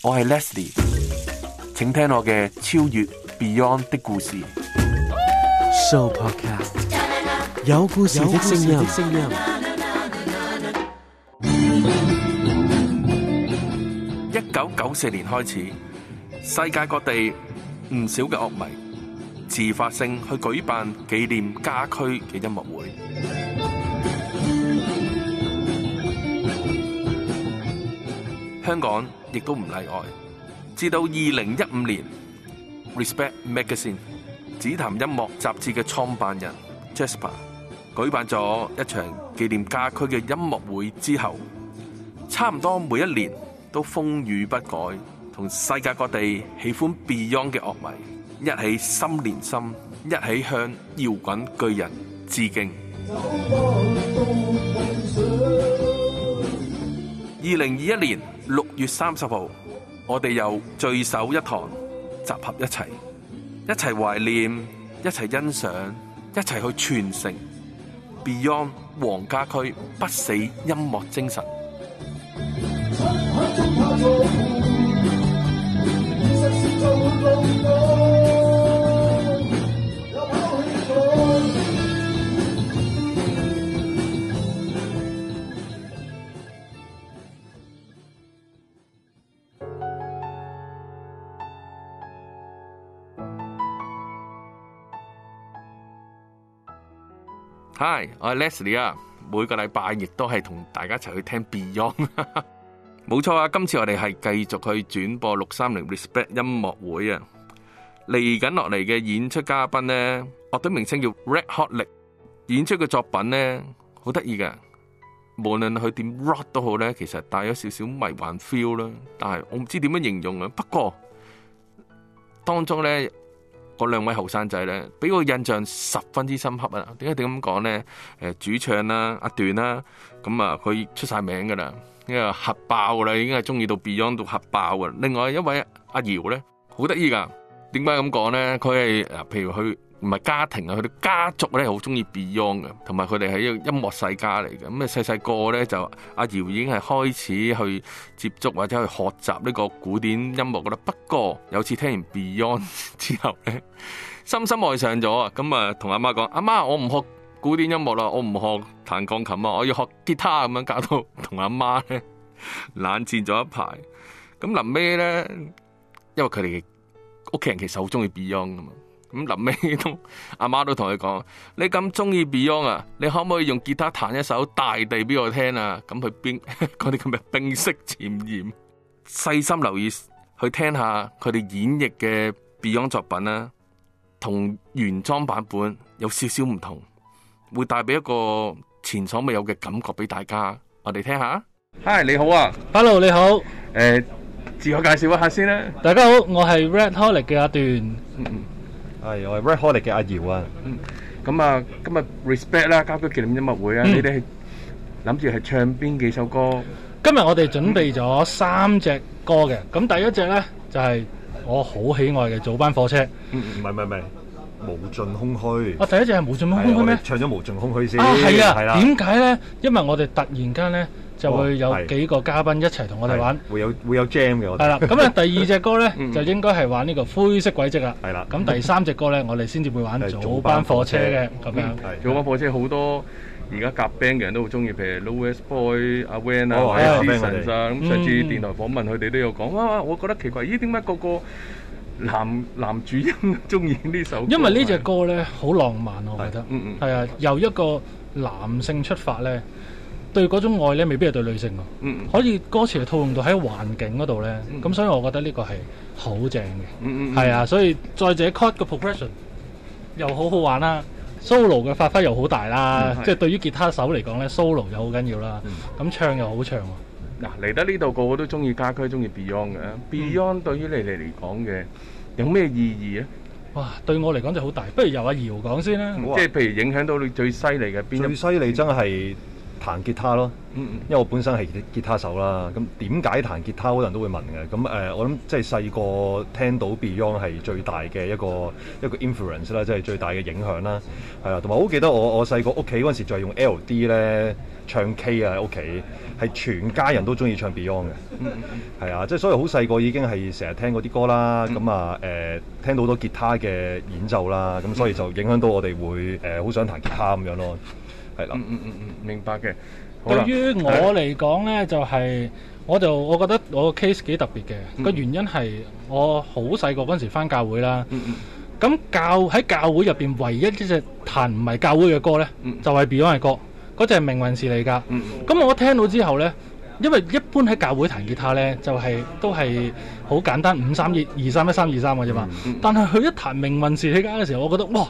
我係 Leslie，請聽我嘅超越 Beyond 的故事。Show podcast 有故事的聲音。一九九四年開始，世界各地唔少嘅樂迷自發性去舉辦紀念家駒嘅音樂會。香港。亦都唔例外。至到二零一五年，Respect Magazine《紫檀音樂》雜誌嘅創辦人 Jasper 舉辦咗一場紀念家駒嘅音樂會之後，差唔多每一年都風雨不改，同世界各地喜歡 Beyond 嘅樂迷一起心連心，一起向搖滾巨人致敬。二零二一年，六月三十號，我哋又聚首一堂，集合一齊，一齊懷念，一齊欣賞，一齊去傳承 Beyond 黃家駒不死音樂精神。 Hi，我係 Leslie 啊，每個禮拜亦都係同大家一齊去聽 Beyond，冇錯啊！今次我哋係繼續去轉播六三零 Respect 音樂會啊。嚟緊落嚟嘅演出嘉賓呢，樂隊名稱叫 Red Hot Lick，演出嘅作品呢好得意㗎，無論佢點 rock 都好呢，其實帶咗少少迷幻 feel 啦。但係我唔知點樣形容啊。不過當中呢，嗰兩位後生仔呢，俾我印象十分之深刻啊！點解佢咁講呢？主唱啦、啊，阿段啦，咁啊，佢出晒名㗎喇，因為核爆啦，已經係鍾意到 Beyond 到核爆啊！另外一位阿姚呢，好得意㗎，點解咁講呢？佢係啊，譬如去。唔係家庭啊，佢哋家族咧好中意 Beyond 嘅，同埋佢哋係一個音樂世家嚟嘅。咁啊，細細個咧就阿姚已經係開始去接觸或者去學習呢個古典音樂嘅啦。不過有次聽完 Beyond 之後咧，深深愛上咗啊！咁啊同阿媽講：阿媽，我唔學古典音樂啦，我唔學彈鋼琴啊，我要學吉他咁樣。搞到同阿媽咧冷戰咗一排。咁臨尾咧，因為佢哋屋企人其實好中意 Beyond 嘅嘛。咁臨尾都阿媽都同佢講：你咁中意 Beyond 啊，你可唔可以用吉他彈一首《大地》俾我聽啊？咁佢冰講啲咁嘅冰釋前嫌，細心留意去聽下佢哋演繹嘅 Beyond 作品啦，同原裝版本有少少唔同，會帶俾一個前所未有嘅感覺俾大家。我哋聽下。Hi，你好啊。Hello，你好。誒、呃，自我介紹一下先啦。大家好，我係 Red Holly 嘅阿段。嗯嗯。係我係 Red Hot 嚟嘅阿姚啊，咁啊今日 respect 啦，交響曲紀念音樂會啊，你哋諗住係唱邊幾首歌？今日我哋準備咗三隻歌嘅，咁第一隻咧就係我好喜愛嘅早班火車，唔係唔係唔係，無盡空虛。哦，第一隻係無盡空虛咩？唱咗無盡空虛先。啊係啊，點解咧？因為我哋突然間咧。就會有幾個嘉賓一齊同我哋玩，哦，會有會有 jam 嘅我哋。係啦，咁啊第二隻歌咧 就應該係玩呢個灰色軌跡啦。係啦，咁第三隻歌咧，嗯、我哋先至會玩早班火車嘅咁樣。早班火車好多而家夾 band 嘅人都好中意，譬如 Louis Boy、阿 w e n 啊、C 先生。咁、啊啊啊、上次電台訪問佢哋都有講，嗯、啊，我覺得奇怪，咦？點解個個男男主音中意呢首歌？因為歌呢隻歌咧好浪漫，我覺得。嗯，係啊，由一個男性出發咧。對嗰種愛咧，未必係對女性喎。嗯，可以歌詞嚟套用到喺環境嗰度咧。咁、嗯、所以，我覺得呢個係好正嘅。嗯嗯。係啊，所以再者，chord 個 progression 又好好玩啦。solo 嘅發揮又好大啦。嗯、即係對於吉他手嚟講咧，solo 又好緊要啦。咁、嗯、唱又好唱、啊。嗱，嚟得呢度，個個都中意家駒，中意 Beyond 嘅、嗯。Beyond 對於你哋嚟講嘅有咩意義啊？哇！對我嚟講就好大。不如由阿姚講先啦。即係譬如影響到你最犀利嘅邊一？最犀利真係。彈吉他咯，因為我本身係吉他手啦。咁點解彈吉他好多人都會問嘅？咁誒、呃，我諗即係細個聽到 Beyond 係最大嘅一個一個 influence 啦，即、就、係、是、最大嘅影響啦。係啊，同埋好記得我我細個屋企嗰陣時就係用 L.D. 咧唱 K 啊，喺屋企係全家人都中意唱 Beyond 嘅。係 啊，即係所以好細個已經係成日聽嗰啲歌啦。咁啊誒、呃，聽到好多吉他嘅演奏啦，咁所以就影響到我哋會誒好、呃、想彈吉他咁樣咯。係啦，嗯嗯嗯明白嘅。對於我嚟講咧，就係、是、我就我覺得我個 case 幾特別嘅，個、嗯、原因係我好細個嗰陣時翻教會啦。咁、嗯嗯、教喺教會入邊唯一一隻彈唔係教會嘅歌咧、嗯，就係、是、Beyond 嘅歌。嗰隻《命運是你家》。咁我聽到之後咧，因為一般喺教會彈吉他咧，就係、是、都係好簡單五三二二三一三二三嘅啫嘛。但係佢一彈《命運是你家》嘅時候，我覺得哇！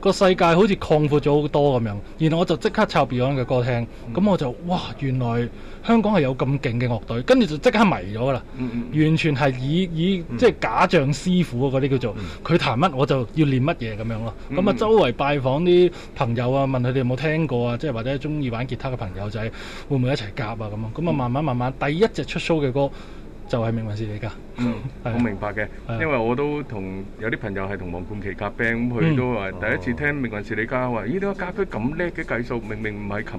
個世界好似擴闊咗好多咁樣，然後我就即刻抄 Beyond 嘅歌聽咁、嗯、我就哇原來香港係有咁勁嘅樂隊，跟住就即刻迷咗啦、嗯嗯，完全係以以、嗯、即係假象師傅嗰啲叫做，佢彈乜我就要練乜嘢咁樣咯。咁、嗯、啊，周圍拜訪啲朋友啊，問佢哋有冇聽過啊，即係或者中意玩吉他嘅朋友仔，會唔會一齊夾啊咁啊？咁啊，慢慢慢慢，第一隻出 show 嘅歌。就係命運是你家，嗯，好明白嘅，因為我都同有啲朋友係同黃貫琦夾 band，咁佢都話第一次聽命運是你家，話咦呢個家居咁叻嘅計數，明明唔係撳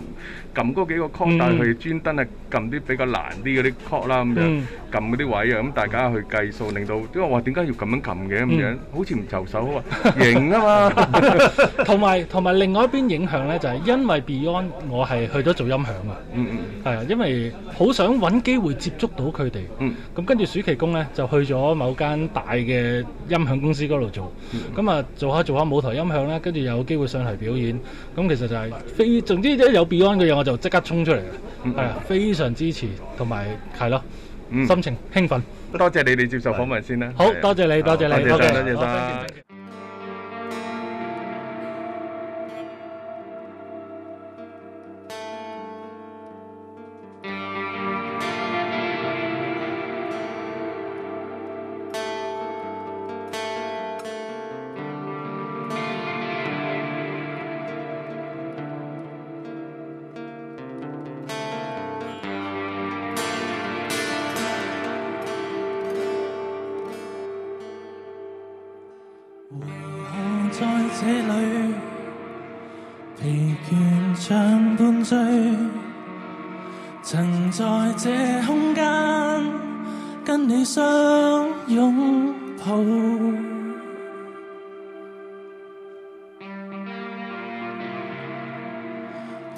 撳嗰幾個 chord，但係佢專登係撳啲比較難啲嗰啲 chord 啦，咁樣撳嗰啲位啊，咁大家去計數，令到因為話點解要咁樣撳嘅咁樣，好似唔就手啊，型啊嘛。同埋同埋另外一邊影響咧，就係因為 Beyond 我係去咗做音響啊，嗯嗯，係啊，因為好想揾機會接觸到佢哋，嗯。咁跟住暑期工咧，就去咗某間大嘅音響公司嗰度做，咁、嗯、啊、嗯、做下做下舞台音響啦，跟住有機會上台表演，咁、嗯、其實就係非總之一有 Beyond 嘅嘢，我就即刻衝出嚟嘅，係、嗯、啊，非常支持同埋係咯，心情興奮、嗯，多。多謝你，你哋接受訪問先啦。好多謝你，多謝你，多謝曬，多謝。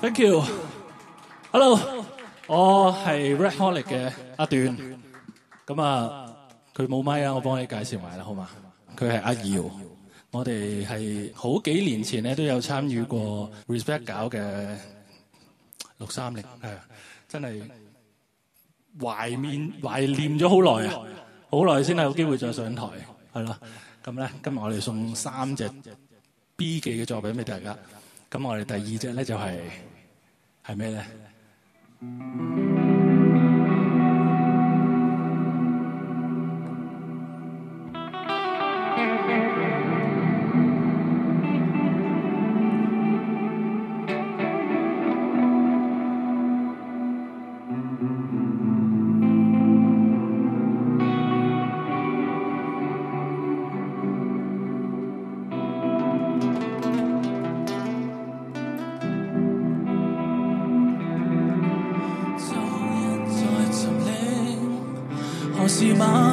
Thank you。Hello，我係 Red h o l 嘅阿段，咁啊佢冇麥啊，我幫你介紹埋啦，好嘛？佢、啊、係阿姚、啊，我哋係好幾年前咧都有參與過 Respect 搞嘅六三零，真係懷，懷念懷念咗好耐啊，好耐先係有機會再上台，係、啊、咯。咁咧、啊、今日我哋送三隻 B 記嘅作品俾大家。咁我哋第二隻呢、就係、係係咩呢，就係係咩呢？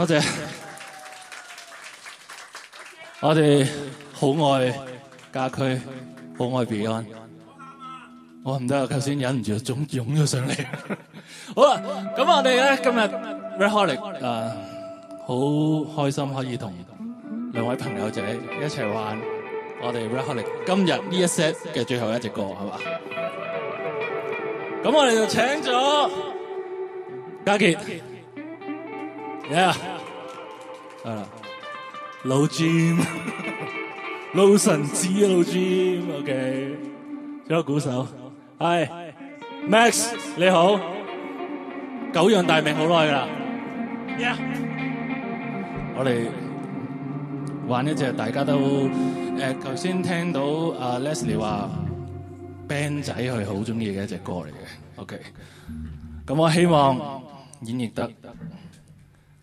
多謝，我哋好愛家駒，好愛 Beyond，我唔得啊，頭先忍唔住，總湧咗上嚟。好啦，咁我哋咧今日 Reholic，啊，好開心可以同兩位朋友仔一齊玩我哋 Reholic。今日呢一 set 嘅最後一隻歌係嘛？咁我哋就請咗嘉杰。呀、yeah. yeah. yeah. 啊，老 Jim，老臣子老 Jim，OK，仲有鼓手係 Max, Max，你好，久仰大名好耐啦，yeah 我哋玩一隻大家都誒，頭先、呃、聽到、uh, Leslie 話 Band 仔佢好中意嘅一隻歌嚟嘅，OK，咁我希望演繹得。Yeah.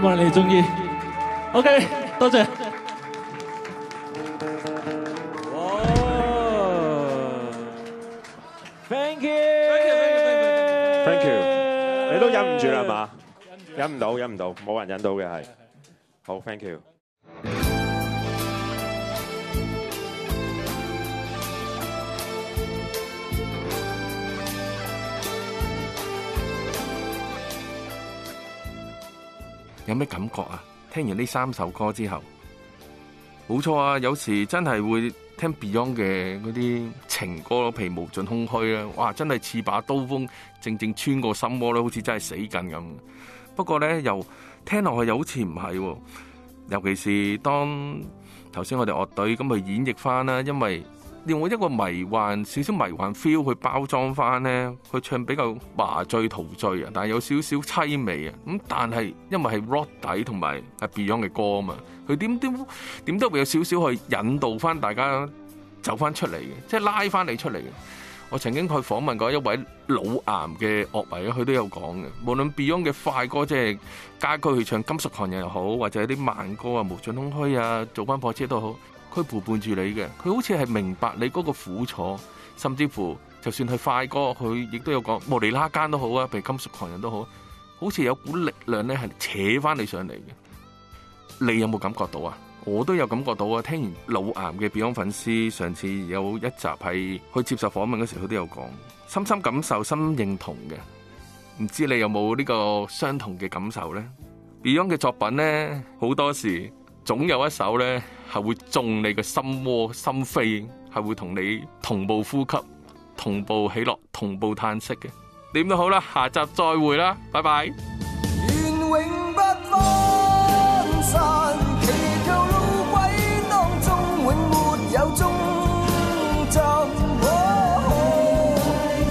希望你中意。OK，多謝。哇，Thank you，Thank you，你都忍唔住啦嘛？忍唔到，忍唔到，冇人忍到嘅係。好，Thank you。有咩感覺啊？聽完呢三首歌之後，冇錯啊！有時真係會聽 Beyond 嘅嗰啲情歌，譬如無盡空虛啦，哇！真係似把刀鋒，正正穿過心窩咧，好似真係死緊咁。不過咧，又聽落去又好似唔係。尤其是當頭先我哋樂隊咁去演繹返啦，因為。另外一個迷幻、少少迷幻 feel 去包裝翻咧，佢唱比較麻醉陶醉啊，但係有少少淒美啊。咁但係因為係 rock 底同埋 Beyond 嘅歌啊嘛，佢點點點都會有少少去引導翻大家走翻出嚟嘅，即係拉翻你出嚟嘅。我曾經去訪問過一位老癌嘅樂迷啊，佢都有講嘅。無論 Beyond 嘅快歌，即係街區去唱《金屬狂人》又好，或者啲慢歌啊，《無盡空虛》啊，《做翻破車》都好。佢陪伴住你嘅，佢好似係明白你嗰個苦楚，甚至乎就算係快歌，佢亦都有講。莫尼拉間都好啊，譬如金屬狂人都好，好似有股力量咧，係扯翻你上嚟嘅。你有冇感覺到啊？我都有感覺到啊！聽完老岩嘅 Beyond 粉絲，上次有一集係去接受訪問嘅時候，佢都有講，深深感受，深深認同嘅。唔知你有冇呢個相同嘅感受咧？Beyond 嘅作品咧，好多時。總有一首呢，係會中你個心窩、心扉，係會同你同步呼吸、同步起落、同步嘆息嘅。點都好啦，下集再會啦，拜拜。願永不分散，祈求路軌當中永沒有終站。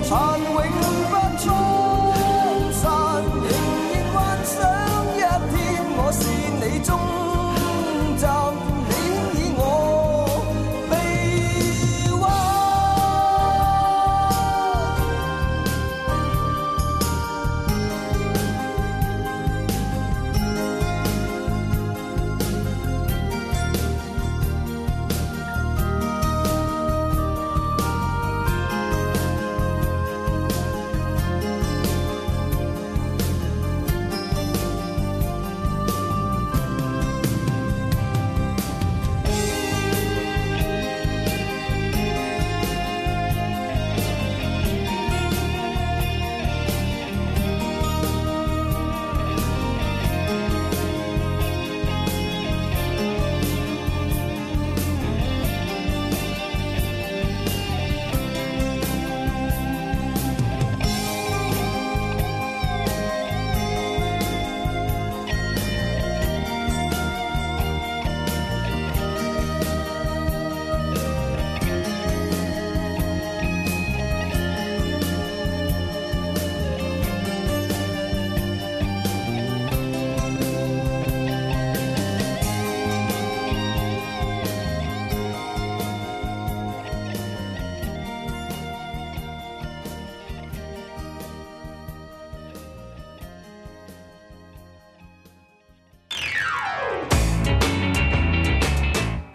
殘永不分散，仍然幻想一天，我是你終